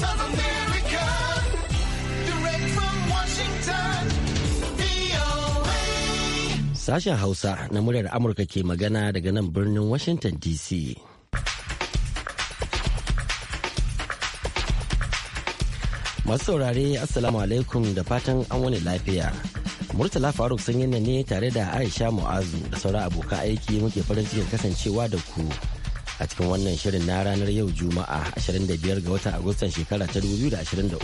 Voice Sashen Hausa na muryar Amurka ke magana daga nan birnin Washington DC. Masu saurare Assalamu alaikum da fatan an wani lafiya. Murtala Faruk sun ne tare da Aisha Mu'azu da sauran abokan aiki muke farin cikin kasancewa da ku. a cikin wannan shirin na ranar yau juma'a 25 ga watan agustan shekara ta 2023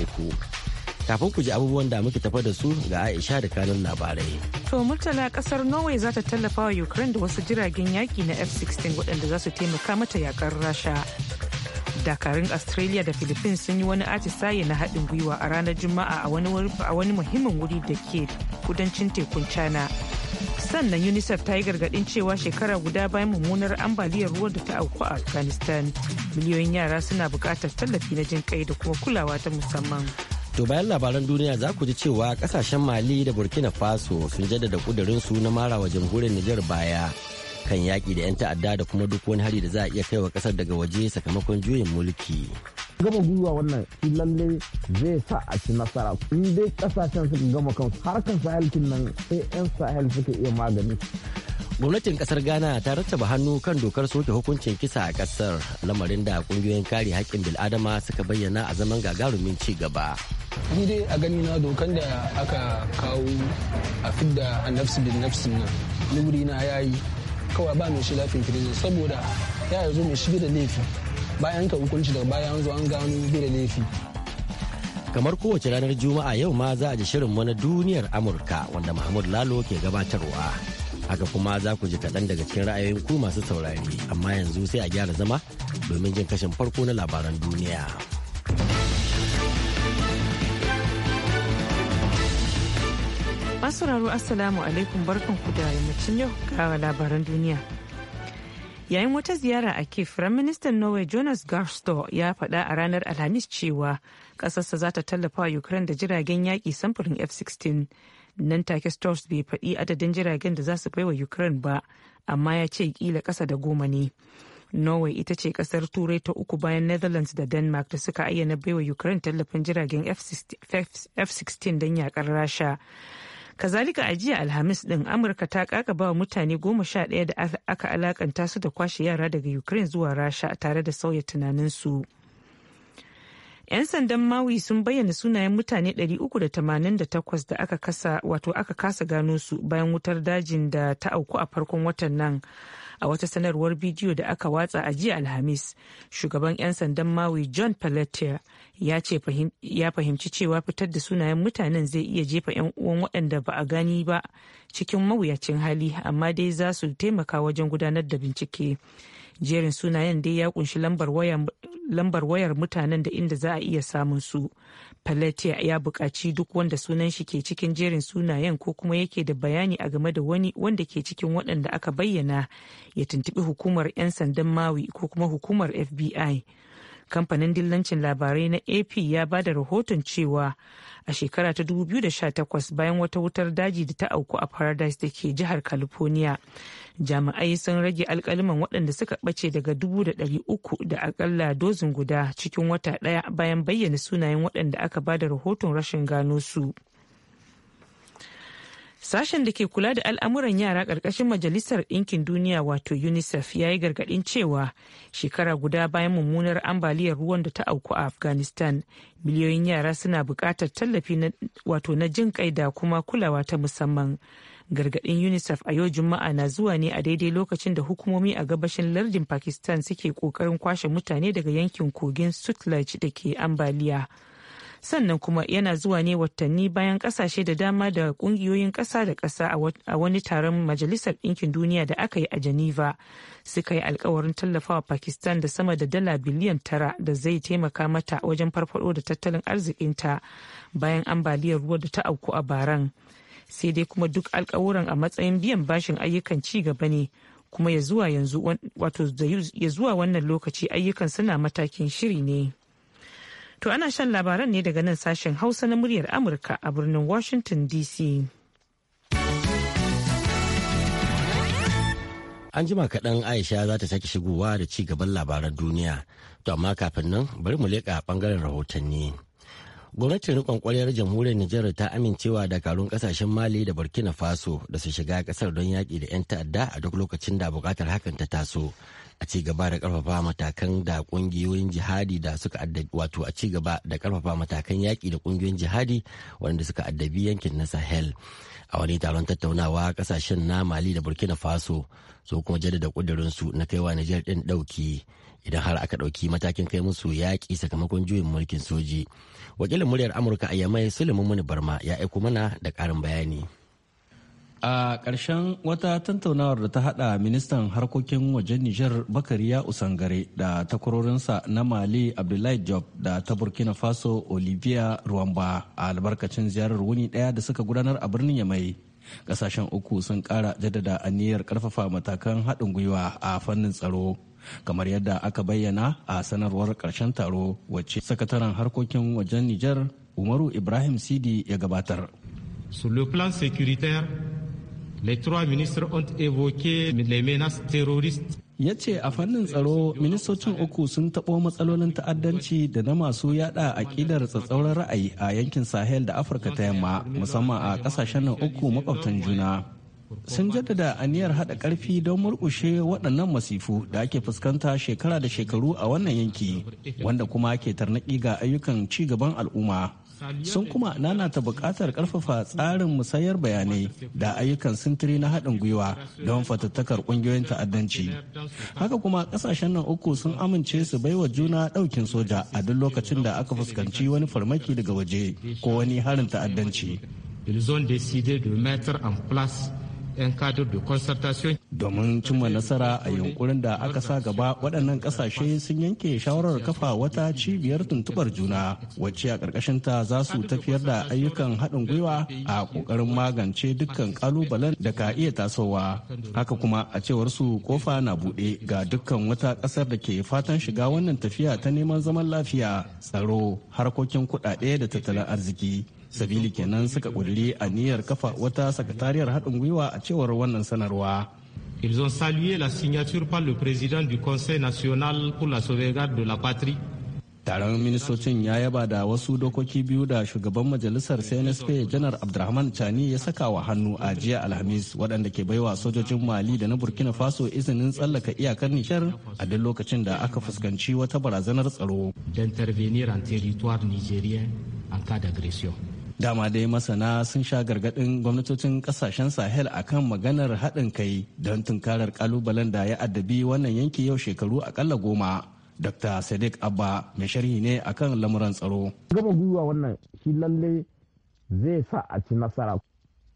kafin ku ji abubuwan da muke tafa da su ga Aisha da kanun labarai. To Murtala kasar Norway za ta tallafa wa Ukraine da wasu jiragen yaki na F-16 waɗanda za su taimaka mata yakar Rasha. Dakarun Australia da Philippines sun yi wani atisaye na haɗin gwiwa a ranar Juma'a a wani muhimmin wuri da ke kudancin tekun China. sannan unicef ta yi gargadin cewa shekara guda bayan mummunar ambaliyar ruwa da ta auku a afghanistan miliyoyin yara suna bukatar tallafi na jin kai da kuma kulawa ta musamman to bayan labaran duniya za ku ji cewa kasashen mali da burkina faso sun jaddada kudurin su na wa jamhuriyar niger baya kan yaƙi da 'yan ta'adda da kuma duk wani hari da za a iya kaiwa ƙasar daga waje sakamakon juyin mulki gama gwiwa wannan shi lalle zai sa a ci nasara in dai kasashen suka gama kan harkar sahelkin nan sai 'yan sahel suka iya magani gwamnatin kasar ghana ta rattaba hannu kan dokar soke hukuncin kisa a kasar lamarin da kungiyoyin kare haƙƙin bil'adama suka bayyana a zaman gagarumin ci gaba ni dai a gani na dokan da aka kawo a fidda a nafsi bin nafsin nan lurina ya yi kawai ba mai shi lafin kirizin saboda ya zo mai shiga da laifi bayan ka hukunci daga baya an an gano bai da laifi kamar kowace ranar juma'a yau ma za a ji shirin wani duniyar amurka wanda mahmud lalo ke gabatarwa haka kuma za ku ji kaɗan daga cikin ra'ayoyin ku masu saurari amma yanzu sai a gyara zama domin jin kashin farko na labaran duniya masu raro assalamu alaikum barkan ku da yammacin yau ga labaran duniya yayin wata ziyara a kif firaministan norway jonas Garsto ya faɗa a ranar alhamis cewa ƙasarsa za ta tallafa wa ukraine da jiragen yaƙi samfurin f-16 nan take stores bai faɗi adadin jiragen da za su baiwa ukraine ba amma ya ce kila ƙasa da goma ne norway ita ce ƙasar turai ta uku bayan netherlands da denmark da suka ayyana baiwa ukraine tallafin jiragen f-16 don yakar rasha kazalika a jiya alhamis din amurka ta ba mutane goma sha ɗaya da aka alakanta su da kwashe yara daga ukraine zuwa rasha tare da sauya tunaninsu 'yan sandan mawi sun bayyana sunayen mutane 388 da aka kasa wato aka kasa gano su bayan wutar dajin da ta auku a farkon watan nan a wata sanarwar bidiyo da aka watsa a jiya alhamis shugaban 'yan sandan mawi john pelletier ya ya fahimci cewa fitar da sunayen mutanen zai iya jefa 'yan uwan waɗanda ba a gani ba cikin mawuyacin hali amma dai za su taimaka wajen gudanar da bincike jerin sunayen dai ya kunshi lambar wayar mutanen da inda za a iya samun su Pelletier ya buƙaci duk wanda sunan shi ke cikin jerin sunayen ko kuma yake da bayani a game da wani wanda ke cikin waɗanda aka bayyana ya tuntuɓi hukumar 'yan sandan Mawi ko kuma hukumar FBI. kamfanin dillancin labarai na ap ya ba da rahoton cewa a shekara ta 2018 bayan wata wutar daji da ta auku a paradise da ke jihar california jami'ai sun rage alkaliman waɗanda suka ɓace daga 300 da akalla dozin guda cikin wata ɗaya bayan bayyana sunayen waɗanda aka ba da rahoton rashin gano su. Sashen da ke kula da al'amuran yara ƙarƙashin Majalisar Ɗinkin Duniya wato UNICEF ya yi gargaɗin cewa shekara guda bayan mummunar ambaliyar ruwan da ta auku a Afghanistan, miliyoyin yara suna buƙatar tallafi wato na jin kai da kuma kulawa ta musamman. Gargaɗin UNICEF a yau Juma'a na zuwa ne a daidai lokacin da hukumomi a gabashin lardin Pakistan suke ƙoƙarin kwashe mutane daga yankin kogin Sutlej da ke ambaliya. sannan kuma yana zuwa ne watanni bayan kasashe da dama da kungiyoyin kasa da kasa a wani taron majalisar ɗinkin duniya da aka yi a geneva suka yi alkawarin tallafawa pakistan da sama da dala biliyan tara da zai taimaka mata wajen farfado da tattalin arzikinta bayan ambaliyar ruwa da ta auku a baran sai dai kuma duk alkawuran a matsayin biyan bashin ayyukan ci gaba ne kuma ya zuwa yanzu wato ya zuwa wannan lokaci ayyukan suna matakin shiri ne. To ana shan labaran ne daga nan sashen Hausa na muryar Amurka a birnin Washington DC. An jima kaɗan Aisha za ta sake shigowa da ci gaban labaran duniya. To amma kafin nan bari mu leƙa ɓangaren rahotanni. Gwamnatin riƙon ƙwaryar jamhuriyar Nijar ta amincewa da karun ƙasashen Mali da Burkina Faso da su shiga ƙasar don yaƙi da 'yan ta'adda a duk lokacin da buƙatar hakan ta taso. a ci gaba da karfafa matakan da kungiyoyin jihadi da suka addabi wato a ci gaba da karfafa matakan yaki da kungiyoyin jihadi wanda suka addabi yankin na Sahel a wani taron tattaunawa kasashen na Mali da Burkina Faso su kuma jaddada kudirin su na kaiwa Niger din dauki idan har aka dauki matakin kai musu yaki sakamakon juyin mulkin soji wakilin muryar Amurka a Yamai Suleiman Muni Barma ya aiko mana da karin bayani a ƙarshen wata tantaunawar da ta haɗa ministan harkokin wajen nijar bakariya usangare da takwarorinsa na mali abdullahi job da ta burkina faso olivia ruwamba a albarkacin ziyarar wuni ɗaya da suka gudanar a birnin yamai ƙasashen uku sun ƙara jaddada aniyar ƙarfafa matakan haɗin gwiwa a fannin tsaro kamar yadda aka bayyana a sanarwar ƙarshen taro wacce sakataren harkokin wajen nijar umaru ibrahim sidi ya gabatar sur le plan sécuritaire Les trois ministres ont évoqué les menaces terroristes ya ce a fannin tsaro ministocin uku sun taɓo matsalolin ta'addanci da na masu yada aƙidar tsatsauran ra'ayi a yankin sahel da afirka ta yamma musamman a ƙasashen nan uku makwabtan juna sun jaddada aniyar haɗa ƙarfi don murƙushe waɗannan masifu da ake fuskanta shekara da shekaru a wannan yanki wanda kuma ke tarnaƙi ga ayyukan ci gaban al'umma sun kuma nanata buƙatar ƙarfafa tsarin musayar bayanai da ayyukan sintiri na haɗin gwiwa don fatattakar ƙungiyoyin ta'addanci haka kuma ƙasashen nan uku sun amince su baiwa juna ɗaukin soja a duk lokacin da aka fuskanci wani farmaki daga waje ko wani harin ta'addanci Ils ont décidé de mettre en place 'yan kadar da Domin cimma nasara a yunkurin da aka sa gaba waɗannan ƙasashe sun yanke shawarar kafa wata cibiyar tuntubar juna wacce a ta za su tafiyar da ayyukan haɗin gwiwa a ƙoƙarin magance dukkan ƙalubalen da ka iya tasowa. Haka kuma a cewar su kofa na buɗe ga dukkan wata ƙasar da ke fatan shiga wannan tafiya ta neman zaman lafiya, tsaro, harkokin kuɗaɗe da tattalin arziki. sabili kenan suka a niyyar kafa wata sakatariyar haɗin gwiwa a cewar wannan sanarwa Ils ont salué la signature par le président du Conseil national pour la sauvegarde de la patrie taron ministocin ya yaba da wasu dokoki biyu da shugaban majalisar cnsp janar abdurrahman chani ya saka wa hannu a jiya alhamis waɗanda ke baiwa sojojin mali da na burkina faso izinin tsallaka iyakar nishar a duk lokacin da aka fuskanci wata barazanar tsaro d'intervenir en territoire nigérien en cas d'agression dama dai masana sun sha gargadin gwamnatocin kasashen sahel akan maganar haɗin kai don tunkarar ƙalubalen da ya addabi wannan yanki yau shekaru akalla goma dr sadiq abba mai sharhi ne akan lamuran tsaro gaba gwiwa wannan shi lalle zai sa a ci nasara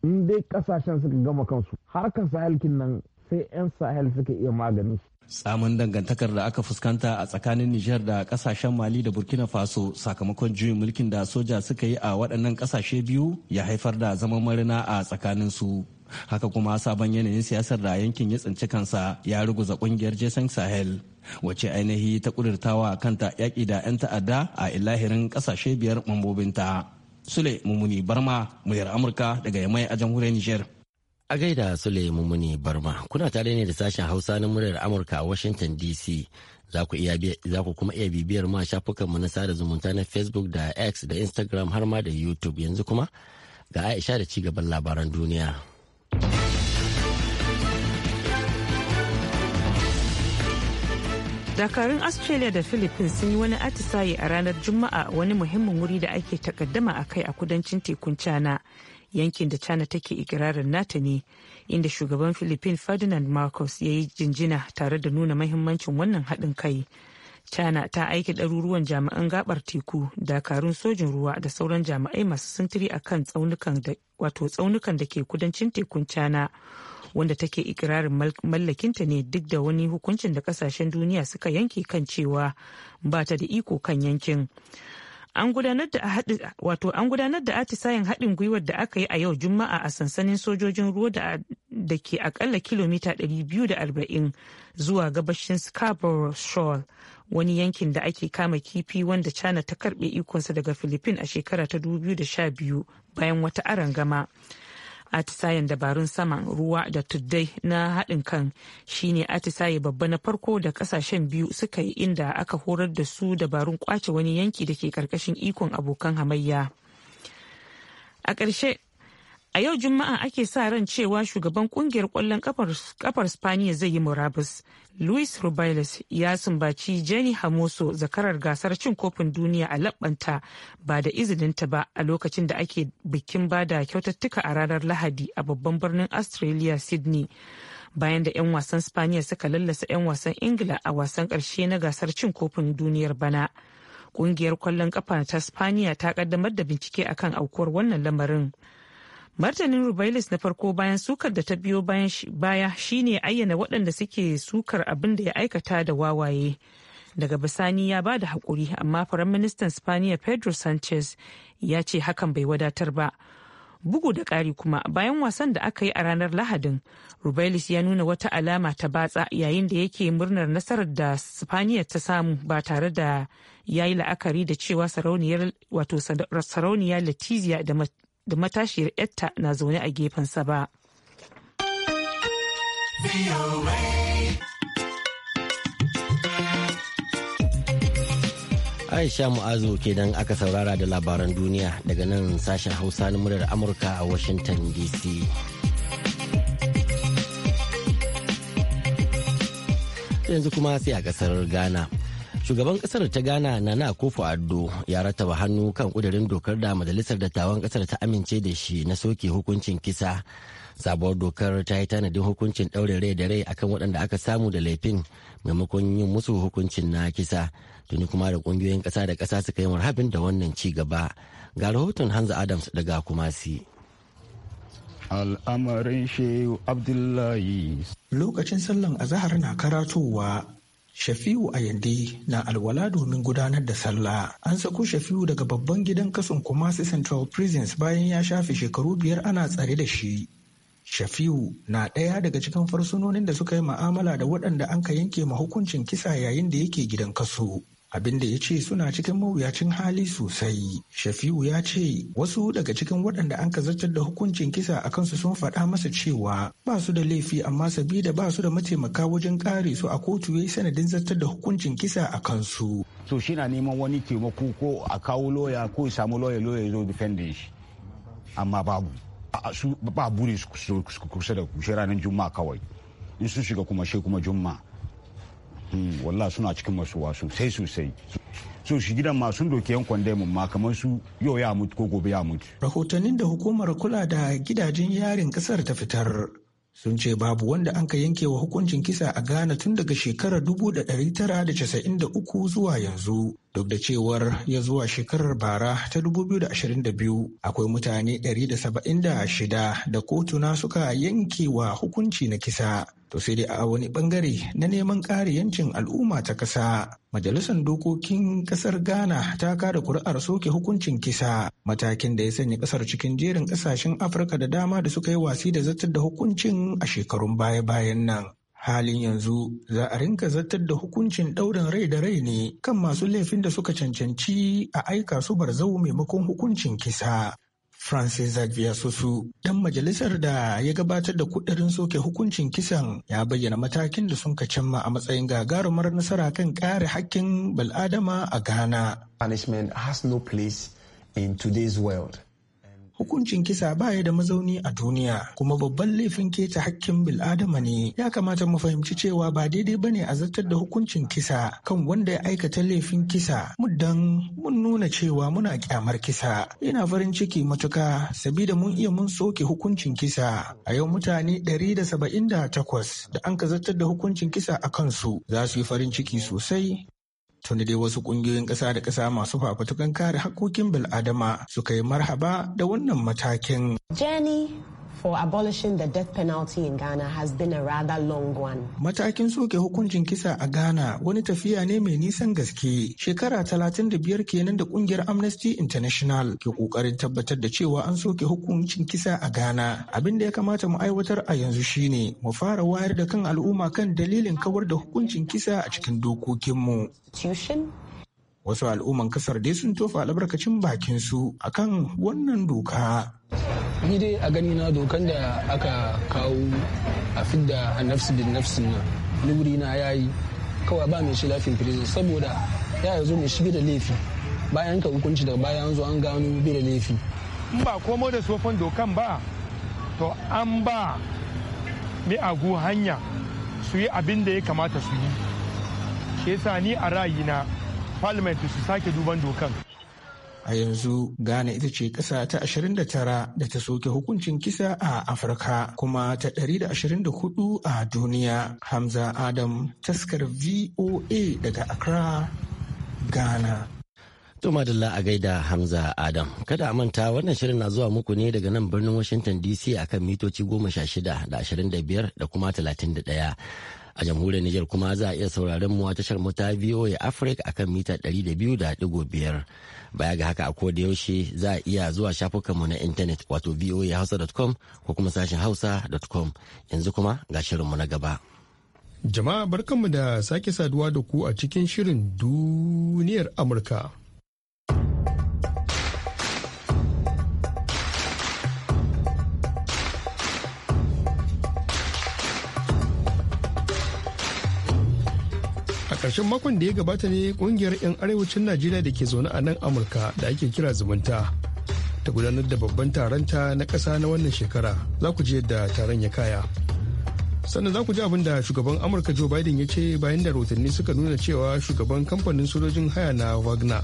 in dai kasashen suka gama kansu harkar sahel kin nan sai 'yan sahel suka iya maganin su. tsamin dangantakar da aka fuskanta a tsakanin Nijar da kasashen Mali da Burkina Faso sakamakon juyin mulkin da soja suka yi a waɗannan kasashe biyu ya haifar da zaman marina a tsakanin su. Haka kuma sabon yanayin siyasar da yankin ya tsinci kansa ya ruguza kungiyar Jason Sahel Wace ainihi ta kudurtawa kanta yaƙi da 'yan ta'adda a ilahirin kasashe biyar mambobinta. Sule Mumuni Barma, muryar Amurka daga Yamai a jamhuriyar Nijar. A gaida Sule Mumuni Barma, kuna tare ne da sashen Hausa na muryar Amurka a Washington DC. Za ku kuma iya bibiyar ma shafukanmu na sada zumunta na Facebook da X da Instagram har ma da YouTube yanzu kuma ga Aisha da cigaban labaran duniya. Dakarun Australia da Philippines sun yi wani atisaye a ranar Juma'a wani muhimmin wuri da ake takaddama a kai a kudancin tekun China yankin da china take ikirarin nata ne inda shugaban philippine ferdinand marcos ya yi jinjina tare da nuna mahimmancin wannan haɗin kai china ta aiki ɗaruruwan jami'an gabar teku dakarun sojin ruwa da sauran jami'ai masu sintiri a kan tsaunukan da ke kudancin tekun china wanda take ikirarin mallakinta ne duk da wani hukuncin da kasashen duniya suka yanke kan cewa ba ta da iko kan yankin an gudanar da atisayen haɗin gwiwar da aka yi a yau juma'a a sansanin sojojin ruwa da ke akalla kilomita 240 zuwa gabashin scarborough shoal wani yankin da ake kama kifi wanda china ta karbe ikonsa daga philippines a shekara ta 2012 bayan wata arangama. gama atisayen dabarun saman ruwa da tuddai na haɗin kan shine atisaye babba na farko da ƙasashen biyu suka yi inda aka horar da su dabarun kwace wani yanki da ke ƙarƙashin ikon abokan hamayya a ƙarshe A yau Juma'a ake sa ran cewa shugaban kungiyar kwallon kafar Spaniya zai yi murabus. Luis Rubiales ya sumbaci Jenny Hamoso zakarar gasar cin kofin duniya a labbanta ba da izininta ba a lokacin da ake bikin bada kyautattuka a ranar Lahadi a babban birnin Australia Sydney. Bayan da 'yan wasan Spaniya suka lallasa 'yan wasan Ingila a wasan ƙarshe na gasar cin kofin duniyar bana. Kungiyar kwallon kafa ta Spaniya ta kaddamar da bincike akan aukuwar wannan lamarin. martanin rubailis na farko bayan sukar da ta biyo baya shine ayyana waɗanda suke sukar abin da ya aikata da wawaye daga bisani ya ba da haƙuri amma firaministan spaniya pedro sanchez ya ce hakan bai wadatar ba bugu da ƙari kuma bayan wasan da aka yi a ranar lahadin rubailis ya nuna wata alama ta batsa yayin da yake murnar nasarar da spaniya ta samu ba tare da ya yi la'akari da cewa sarauniyar latizia sarauniya letizia da da matashiyar yatta na zaune a gefensa ba. Aisha Mu'azu kenan aka saurara da labaran duniya daga nan sashen Hausa na murar Amurka a Washington DC. Yanzu kuma sai a kasar Ghana. shugaban kasar ta ghana nana kofu addo ya rataba hannu kan kudirin dokar da majalisar dattawan kasar ta amince da shi na soke hukuncin kisa sabuwar dokar ta yi tanadin hukuncin ɗaure rai da rai akan waɗanda aka samu da laifin maimakon yin musu hukuncin na kisa tuni kuma da kungiyoyin kasa da ƙasa suka yi marhabin da wannan ci gaba ga rahoton hanza adams daga kumasi al'amarin shehu abdullahi lokacin sallan azahar na karatowa Shafi'u a yande na alwala domin gudanar da sallah. An sako Shafi'u daga babban gidan kasan Kumasi Central Prisons bayan ya shafe shekaru biyar ana tsare da shi. Shafi'u na ɗaya daga cikin farsunonin da suka yi ma'amala da waɗanda an ka yanke ma hukuncin kisa yayin da yake gidan kaso. abinda ya ce suna cikin mawuyacin hali sosai shafi'u ya ce wasu daga cikin waɗanda an ka zartar da hukuncin kisa a kansu sun faɗa masa cewa ba su da laifi amma sabida ba su da mataimaka wajen kare su a kotu ya yi sanadin zartar da hukuncin kisa a kansu to shi na neman wani taimako ko a kawo loya ko ya samu loya loya ya zo defending shi amma babu ba bure su kusa da kushe ranar juma'a kawai in su shiga kuma shi kuma juma'a wallah suna cikin masu sai sosai sosai so shi gidan masu doke yankon daimun ma kamar su yau ya mutu ko gobe ya mutu. rahotannin da hukumar kula da gidajen yarin kasar ta fitar sun ce babu wanda an ka yanke wa hukuncin kisa a ghana tun daga shekarar 1993 zuwa yanzu duk da cewar ya zuwa shekarar bara ta 2022 akwai mutane 176 da kotuna suka yanke wa hukunci na kisa to sai dai a wani bangare na neman kare yancin al'umma ta ƙasa? majalisar dokokin ƙasar ghana ta kada kuri'ar soke hukuncin kisa matakin da ya sanya ƙasar cikin jerin ƙasashen afirka da dama da suka yi wasi da zartar da hukuncin a shekarun baya-bayan nan halin yanzu za a rinka zartar da hukuncin ɗaurin rai da rai ne kan masu laifin da suka cancanci a aika su barzau maimakon hukuncin kisa Francis Xavier Susu, ɗan majalisar da ya gabatar da kudirin soke hukuncin kisan ya bayyana matakin da sun cimma a matsayin gagarumar nasara kan kare hakkin bal'adama a Ghana. Punishment has no place in today's world. hukuncin kisa baya da mazauni a duniya kuma babban laifin keta hakkin bil'adama ne ya kamata mu fahimci cewa ba daidai ba ne a zartar da hukuncin kisa kan wanda ya aikata laifin kisa muddan mun nuna cewa muna kyamar kisa Yana farin ciki matuka sabida mun iya mun soke hukuncin kisa a yau mutane 178 da an ka zartar da hukuncin kisa a kansu za su yi farin ciki sosai tuni dai wasu kungiyoyin ƙasa da ƙasa masu fafutukan kare hakkokin bil'adama suka yi marhaba da wannan matakin. Jenny for abolishing the death penalty in Ghana has been a rather long one. Matakin soke hukuncin kisa a Ghana wani tafiya ne mai nisan gaske. Shekara talatin da biyar kenan da kungiyar Amnesty International ke kokarin tabbatar da cewa an soke hukuncin kisa a Ghana. Abin da ya kamata mu aiwatar a yanzu shine mu fara wayar da kan al'umma kan dalilin kawar da hukuncin kisa a cikin dokokinmu. wasu al'umman kasar dai sun tofa albarkacin bakin su akan wannan doka ni dai a gani na dokan da aka kawo a fidda a nafsi bin nafsin na luri na ya yi kawai ba mai shi lafin prison saboda ya zo mai shi da laifi bayan ka hukunci daga bayan zo an gano bi da laifi in ba komo da tsofin dokan ba to an ba mai agu hanya su yi abin da ya kamata su yi ke sa ni a rayina parliament su sake duban dokan a yanzu ghana ita ce ƙasa ta 29 da ta soke hukuncin kisa a afirka kuma ta 124 a duniya hamza adam taskar voa daga accra ghana To madalla a gaida Hamza Adam. Kada a manta wannan shirin na zuwa muku ne daga nan birnin Washington DC akan mitoci goma da ashirin da kuma 31. A jamhuriyar Nijar kuma za a iya sauraron mu a tashar mu ta VOA Africa akan mita 200.5. Baya ga haka a koda yaushe za a iya zuwa shafukan mu na intanet wato voahausa.com ko kuma sashen hausa.com. Yanzu kuma ga shirin mu na gaba. Jama'a barkanmu da sake saduwa da ku a cikin shirin duniyar Amurka. karshen makon da ya gabata ne kungiyar 'yan arewacin najeriya da ke zaune a nan amurka da ake kira zumunta ta gudanar da babban taronta na ƙasa na wannan shekara za ku ji yadda taron ya kaya sannan za ku ji abin da shugaban amurka joe biden ya ce bayan da rahotanni suka nuna cewa shugaban kamfanin sojojin haya na wagner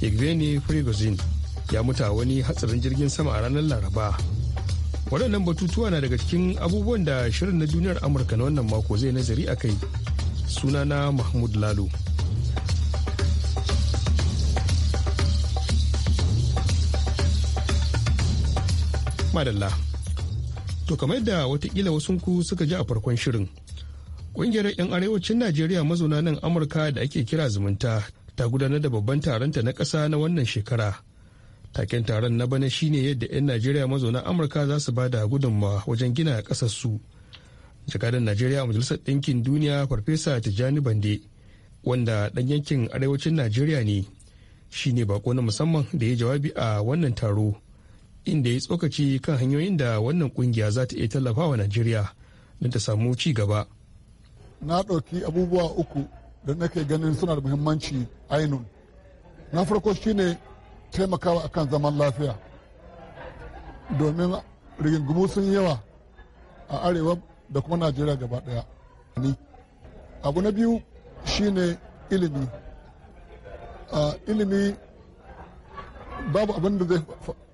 yevgeny prigozhin ya mutu a wani hatsarin jirgin sama a ranar laraba waɗannan batutuwa na daga cikin abubuwan da shirin na duniyar amurka na wannan mako zai nazari a kai sunana mahmud lalu. madalla to kamar yadda watakila wasunku suka ji a farkon shirin ƙungiyar 'yan arewacin najeriya mazauna nan amurka da ake kira zumunta ta gudanar da babban taronta na ƙasa na wannan shekara taken taron na bana shine yadda 'yan najeriya mazauna amurka za su ba da gudunmawa wajen gina ƙasarsu su jakadan najeriya majalisar ɗinkin duniya farfesa tijjani bande wanda ɗan yankin arewacin najeriya ne shine bako na musamman da ya jawabi a wannan taro inda ya tsokaci kan hanyoyin da wannan kungiya za ta iya tallafawa najeriya don ta samu ci gaba na ɗauki abubuwa uku da nake ganin suna da muhimmanci ainun na farko shine taimakawa akan zaman lafiya domin rigingimu sun yawa a arewa da kuma najeriya gaba daya abu na biyu shine ilimi ilimi babu abin da zai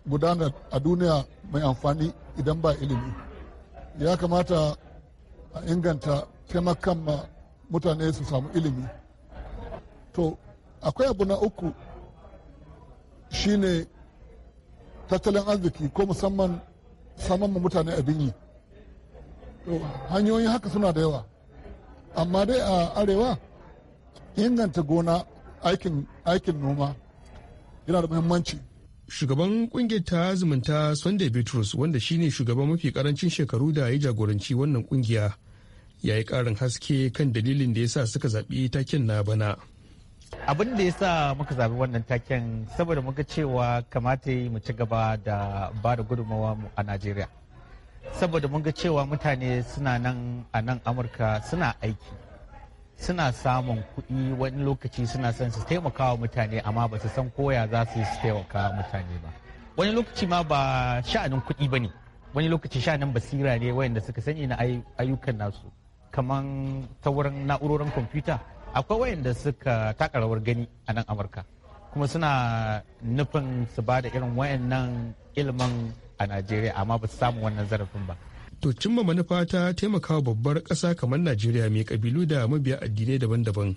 gudana a duniya mai amfani idan ba ilimi ya kamata a inganta taimakon ma mutane su samu ilimi to akwai abu na uku shine tattalin arziki ko musamman saman mutane abin yi hanyoyin haka suna da yawa amma dai a arewa inganta gona aikin noma yana da muhimmanci shugaban kungiyar ta zumunta sunday bitrus wanda shine shugaban mafi karancin shekaru da ya jagoranci wannan kungiya ya yi karin haske kan dalilin da ya sa suka zaɓi taken na bana abin da ya sa muka zaɓi wannan taken saboda muka cewa kamata mu ci gaba da ba da gudunmawa a najeriya saboda mun ga cewa mutane suna nan a nan amurka suna aiki suna samun kuɗi wani lokaci suna son su taimaka wa mutane amma ba su san koya za su yi su taimaka mutane ba wani lokaci ma ba sha'anin kuɗi ba ne wani lokaci sha'anin basira ne wayanda suka sani na ayyukan nasu kamar ta wurin na'urorin kwamfuta akwai wayanda suka taka rawar gani a nan amurka kuma suna nufin su ba da irin wayannan ilimin a najeriya amma ba su samu wannan zarafin ba to cimma manufa ta taimakawa babbar ƙasa kamar najeriya mai kabilu da mabiya addinai daban-daban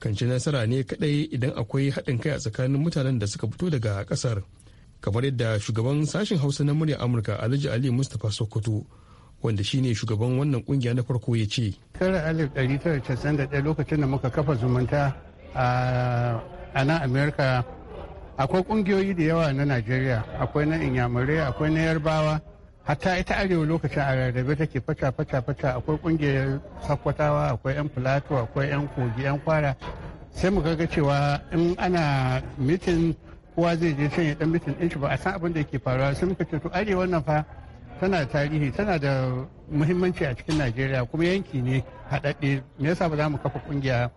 kan ci nasara ne kadai idan akwai haɗin kai a tsakanin mutanen da suka fito daga ƙasar kamar yadda shugaban sashen hausa na murya amurka alhaji ali mustapha sokoto wanda shine shugaban wannan kungiya na farko ya ce alif 1991 lokacin da muka kafa zumunta a nan amerika akwai kungiyoyi da yawa na najeriya akwai na inyamurai akwai na yarbawa hatta ita arewa lokacin a rarrabe take fata fata fata akwai kungiyar sakwatawa akwai yan filato akwai yan kogi yan kwara sai mu ga cewa in ana mitin kowa zai je can ya dan mitin din shi ba a san abin da yake faruwa sai muka ce to arewa nan fa tana tarihi tana da muhimmanci a cikin najeriya kuma yanki ne haɗaɗɗe me yasa ba za mu kafa kungiya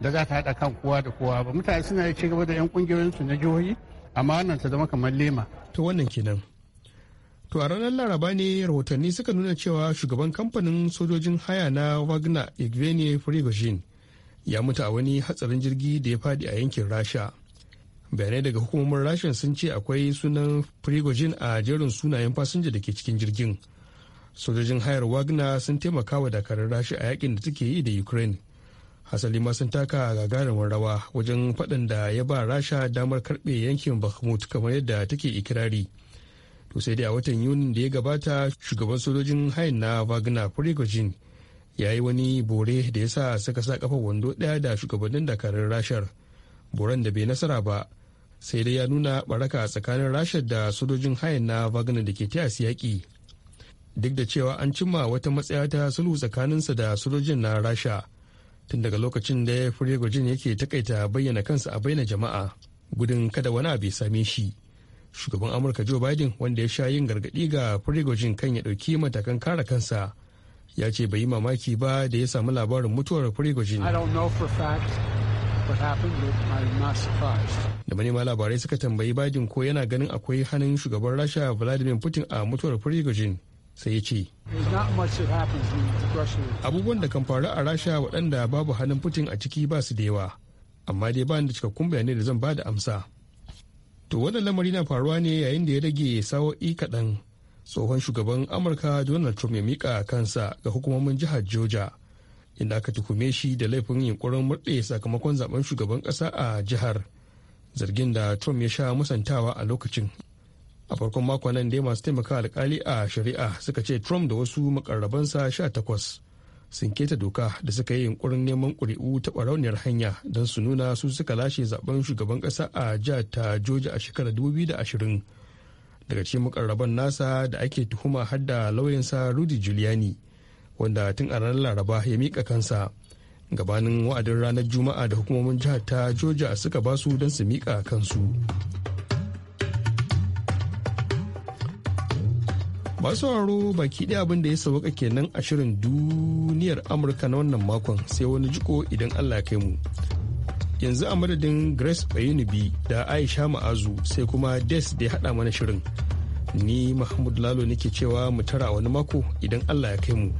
da za ta haɗa kan kowa da kowa ba mutane suna ci gaba da 'yan ƙungiyoyinsu na jihohi amma wannan ta zama kamar lema. to wannan kenan to a ranar laraba ne rahotanni suka nuna cewa shugaban kamfanin sojojin haya na wagner igvenie prigozhin ya mutu a wani hatsarin jirgi da ya fadi a yankin rasha bayanai daga hukumomin rashin sun ce akwai sunan prigozhin a jerin sunayen fasinja da ke cikin jirgin sojojin hayar wagner sun taimaka wa dakarun rasha a yakin da take yi da ukraine hasali ma sun taka gagarumin rawa wajen faɗan da ya ba rasha damar karɓe yankin bakhmut kamar yadda take ikirari to sai dai a watan yunin da ya gabata shugaban sojojin hayan na wagner prigozhin ya yi wani bore da ya sa suka sa kafa wando ɗaya da shugabannin dakarun rashar boren da bai nasara ba sai dai ya nuna baraka tsakanin rashar da sojojin hayan na wagner da ke taya su yaƙi duk da cewa an cimma wata matsaya ta sulhu tsakaninsa da sojojin na rasha tun daga lokacin da prigozhin yake takaita bayyana kansa a bayyana jama'a gudun kada wani abu ya same shi shugaban amurka joe biden wanda ya sha yin gargaɗi ga firigojin kan ya ɗauki matakan kare kansa ya ce bai yi mamaki ba da ya samu labarin mutuwar prigozhin da manema labarai suka tambayi biden ko yana ganin akwai hannun shugaban rasha vladimir putin a mutuwar firigojin. sai ya ce abubuwan da kan faru a rasha waɗanda babu hannun putin a ciki ba su da yawa amma dai ba da cikakkun bayanai da zan ba da amsa to wannan lamari na faruwa ne yayin da ya rage sawo'i kaɗan tsohon shugaban amurka donald trump ya mika kansa ga hukumomin jihar georgia inda aka tuhume shi da laifin yunkurin murɗe sakamakon zaben shugaban ƙasa a jihar zargin da trump ya sha musantawa a lokacin a farkon makon nan dai masu taimaka alkali a shari'a suka ce trump da wasu makarrabansa 18 sun keta doka da suka yi yunkurin neman kuri'u ta ɓarauniyar hanya don su nuna su suka lashe zaben shugaban ƙasa a jihar ta georgia a shekarar 2020 daga cikin makarraban nasa da ake tuhuma har da lauyansa rudy giuliani wanda tun a ranar laraba ya miƙa kansa gabanin wa'adin ranar juma'a da hukumomin jihar ta georgia suka basu don su miƙa kansu masu sauraro baki ɗaya abin da ya sauka kenan a shirin duniyar amurka na wannan makon sai wani jiko idan allah kai mu yanzu a madadin grace bayanibi da aisha ma'azu sai kuma des da ya haɗa mana shirin ni mahmud lalo nake cewa mu tara wani mako idan allah ya kai mu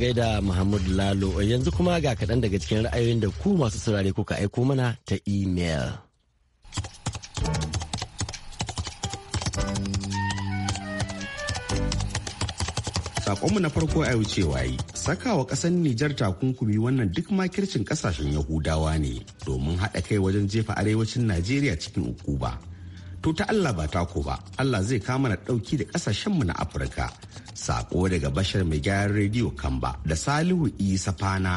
gaida Muhammad Lalo yanzu kuma ga kaɗan daga cikin ra'ayoyin da ku masu saurare kuka aiko mana ta email. Sakonmu na farko a yau cewa yi, sakawa ƙasar Nijar takunkumi wannan duk makircin ƙasashen Yahudawa ne domin haɗa kai wajen jefa arewacin Najeriya cikin ukuba. To ta Allah ba ta ko ba, Allah zai kama na ɗauki da ƙasashenmu na Afirka. sako daga bashar mai gyaran rediyo kamba da salihu isa fana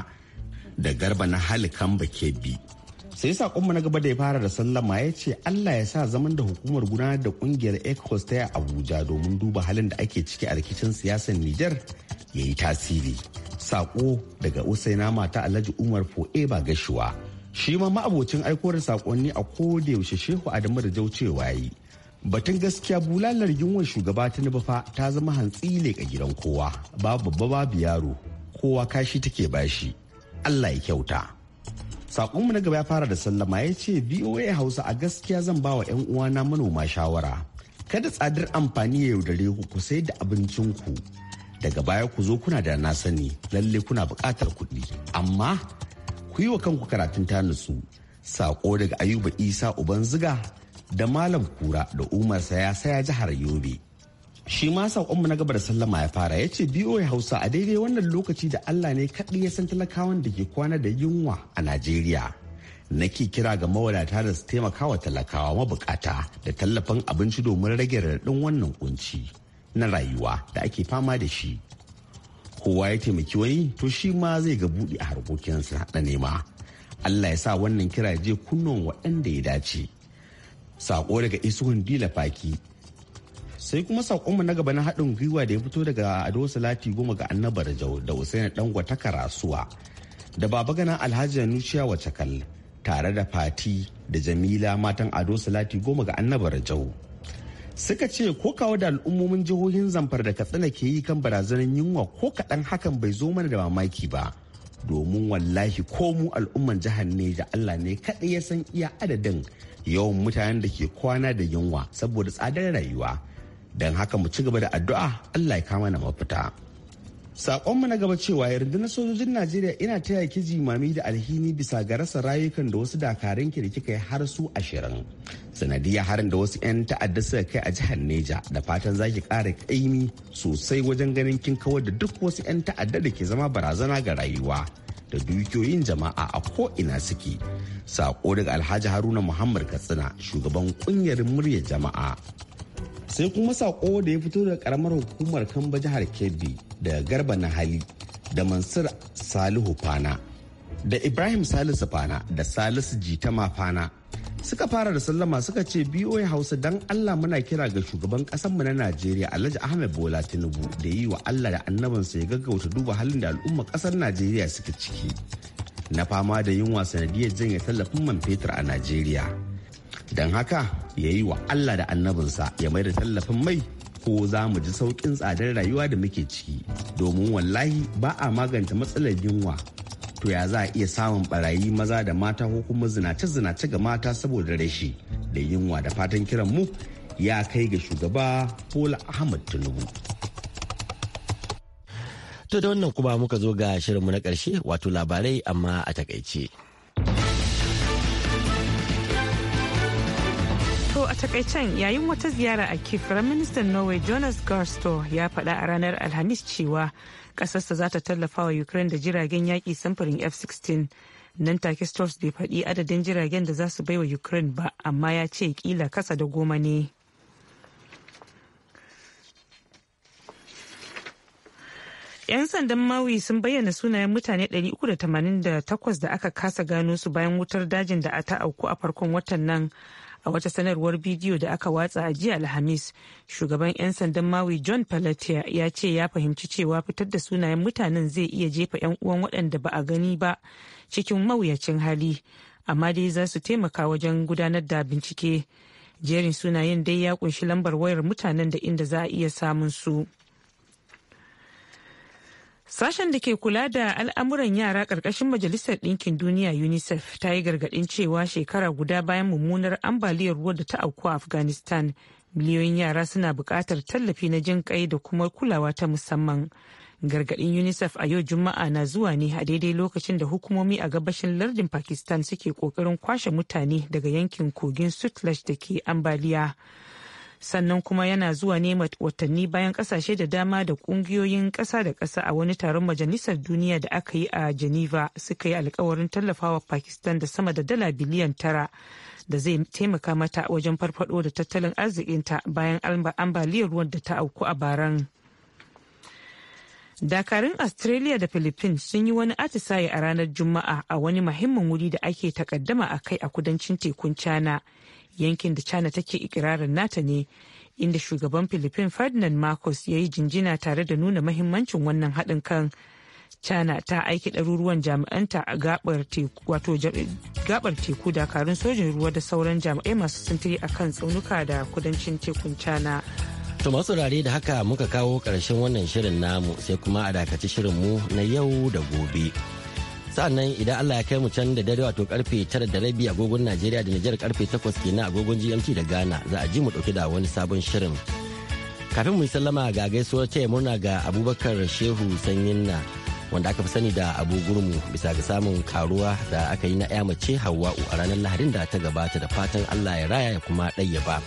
da garba na hali kamba kebbi sai sakonmu na gaba da ya fara da sallama ya ce allah ya sa zaman da hukumar gudanar da kungiyar ecos ta abuja domin duba halin da ake ciki a rikicin siyasar niger ya yi tasiri sako daga usaina mata alhaji umar fo'e ba gashuwa shi ma ma'abocin aiko da sakonni a koda yaushe shehu adamu da jaucewa yi batun gaskiya bulalar yunwar shugaba ta fa ta zama hantsi ne leƙa gidan kowa babu baba babu yaro kowa kashi take bashi allah ya kyauta saƙonmu na gaba ya fara da sallama ya ce voa hausa a gaskiya zan ba wa 'yan uwana manoma shawara kada tsadar amfani ya yaudare ku ku sai da abincinku daga baya ku zo kuna da na sani lalle kuna buƙatar kuɗi amma ku yi wa kanku karatun ta nutsu saƙo daga ayuba isa uban ziga da malam kura da umar saya saya jihar yobe shi ma saƙonmu na gabar sallama ya fara ya ce ya hausa a daidai wannan lokaci da allah ne kaɗai ya san talakawan da ke kwana da yunwa a najeriya nake kira ga mawadata da su taimaka wa talakawa mabukata da tallafin abinci domin rage raɗin wannan kunci na rayuwa da ake fama da shi kowa ya taimaki wani to shi ma zai ga buɗe a harkokinsa na nema allah ya sa wannan kira je kunnon waɗanda ya dace sako daga isuhun dila faki sai kuma sakonmu na gaba na haɗin gwiwa da ya fito daga ado salati goma ga annabar jau da usaina dan ta karasuwa da baba gana alhaji nuciya wace kal tare da fati da jamila matan ado salati goma ga annabar jau suka ce ko kawo da al'ummomin jihohin zamfar da katsina ke yi kan barazanar yunwa ko kaɗan hakan bai zo mana da mamaki ba domin wallahi ko mu al'umman jihar ne da allah ne kaɗai ya san iya adadin yawan mutanen da ke kwana da yunwa saboda tsadar rayuwa don haka mu ci gaba da addu'a allah ya kama na mafita saƙonmu na gaba cewa rundunar sojojin Najeriya ina taya ki jimami da alhini bisa ga rasa rayukan da wasu dakarun ki da kika yi har su ashirin. Sanadiyya harin da wasu 'yan ta'adda suka kai a jihar Neja da fatan zaki ƙara ƙaimi sosai wajen ganin kin kawar da duk wasu 'yan ta'adda da ke zama barazana ga rayuwa da dukiyoyin jama'a a ko ina suke sako daga alhaji haruna muhammad katsina shugaban kungiyar murya jama'a sai kuma sako da ya fito daga karamar hukumar kamba jihar kebbi da garba na hali da mansur salihu fana da ibrahim salisu fana da salisu jitama fana suka fara da sallama suka ce BOA Hausa dan Allah muna kira ga shugaban mu na Najeriya Alhaji Ahmed Bola Tinubu da yi wa Allah da annabinsa ya gaggauta duba halin da al'umma kasar Najeriya suke ciki na fama da yunwa sanadiyar janye tallafin man fetur a Najeriya. Don haka ya yi wa Allah da annabinsa ya mai da tallafin mai ko za mu ji sauƙin tsadar rayuwa da muke ciki domin wallahi ba a maganta matsalar yunwa to ya za a iya samun barayi maza da mata ko kuma zinace-zinace ga mata saboda rashi da yunwa da fatan kiran mu ya kai ga shugaba Paul Ahmad Tinubu. To da wannan kuma muka zo ga shirinmu na karshe wato labarai amma a takaice. a takaicen yayin wata ziyara a kif ministan Norway Jonas Garsto ya faɗa a ranar Alhamis cewa ƙasarsa za ta tallafa wa Ukraine da jiragen yaki samfurin F-16. Nan take Stores bai faɗi adadin jiragen da za su baiwa Ukraine ba, amma ya ce kila kasa da goma ne. yan sandan maui sun bayyana sunayen mutane 388 da aka kasa gano su bayan wutar dajin da ta auku a farkon watan nan a wata sanarwar bidiyo da aka watsa a jiya alhamis shugaban 'yan sandan mawi john palatia ya ce ya fahimci cewa fitar da sunayen mutanen zai iya jefa 'yan uwan waɗanda ba a gani ba cikin mawuyacin hali amma dai za su taimaka wajen gudanar da bincike jerin sunayen dai ya kunshi lambar wayar mutanen da inda za a iya samun su. Sashen da ke kula da al'amuran yara ƙarƙashin Majalisar Ɗinkin Duniya UNICEF ta yi gargaɗin cewa shekara guda bayan mummunar ambaliyar ruwa da ta auku a Afghanistan, miliyoyin yara suna buƙatar tallafi na jin ƙai da kuma kulawa ta musamman. Gargaɗin UNICEF a yau Juma'a na zuwa ne a daidai lokacin da hukumomi a gabashin lardin Pakistan suke ƙoƙarin kwashe mutane daga yankin kogin Sutlej da ke ambaliya. sannan kuma yana zuwa ne watanni bayan kasashe da dama da kungiyoyin kasa da kasa a wani taron majalisar duniya da aka yi a geneva suka yi alkawarin tallafawa pakistan da sama da dala biliyan tara da zai taimaka mata wajen farfado da tattalin arzikinta bayan ambaliyar ruwan da ta auku a baran dakarun australia da philippines sun yi wani atisaye a ranar juma'a a wani muhimmin wuri da ake takaddama a kai a kudancin tekun china yankin da china take ikirarin nata ne inda shugaban philippine ferdinand marcos ya yi jinjina tare da nuna mahimmancin wannan haɗin kan china ta aiki ɗaruruwan jami'anta a gabar teku dakarun sojin ruwa da sauran jami'ai masu sintiri a kan tsaunuka da kudancin tekun china to masu rare da haka muka kawo karshen wannan shirin namu sai kuma a dakaci mu na yau da gobe. sa'annan idan Allah ya kai mu can da dare wato karfe 9 da rabi agogon Najeriya da Nijar karfe 8 kenan agogon GMT da Ghana za a ji mu dauke da wani sabon shirin kafin mu yi sallama ga gaisuwar taya murna ga Abubakar Shehu Sanyinna wanda aka fi sani da Abu Gurmu bisa ga samun karuwa da aka yi na ya mace Hawwa'u a ranar Lahadin da ta gabata da fatan Allah ya raya ya kuma ba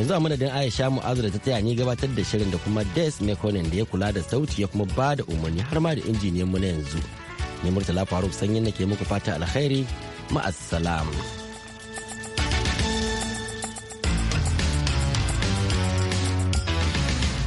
yanzu a madadin aisha mu'azu da ta taya ni gabatar da shirin da kuma des mekonin da ya kula da sauti ya kuma ba da umarni har ma da injiniyan mu na yanzu ne murtala faruk sanyin da ke muku fata alkhairi ma'assalam.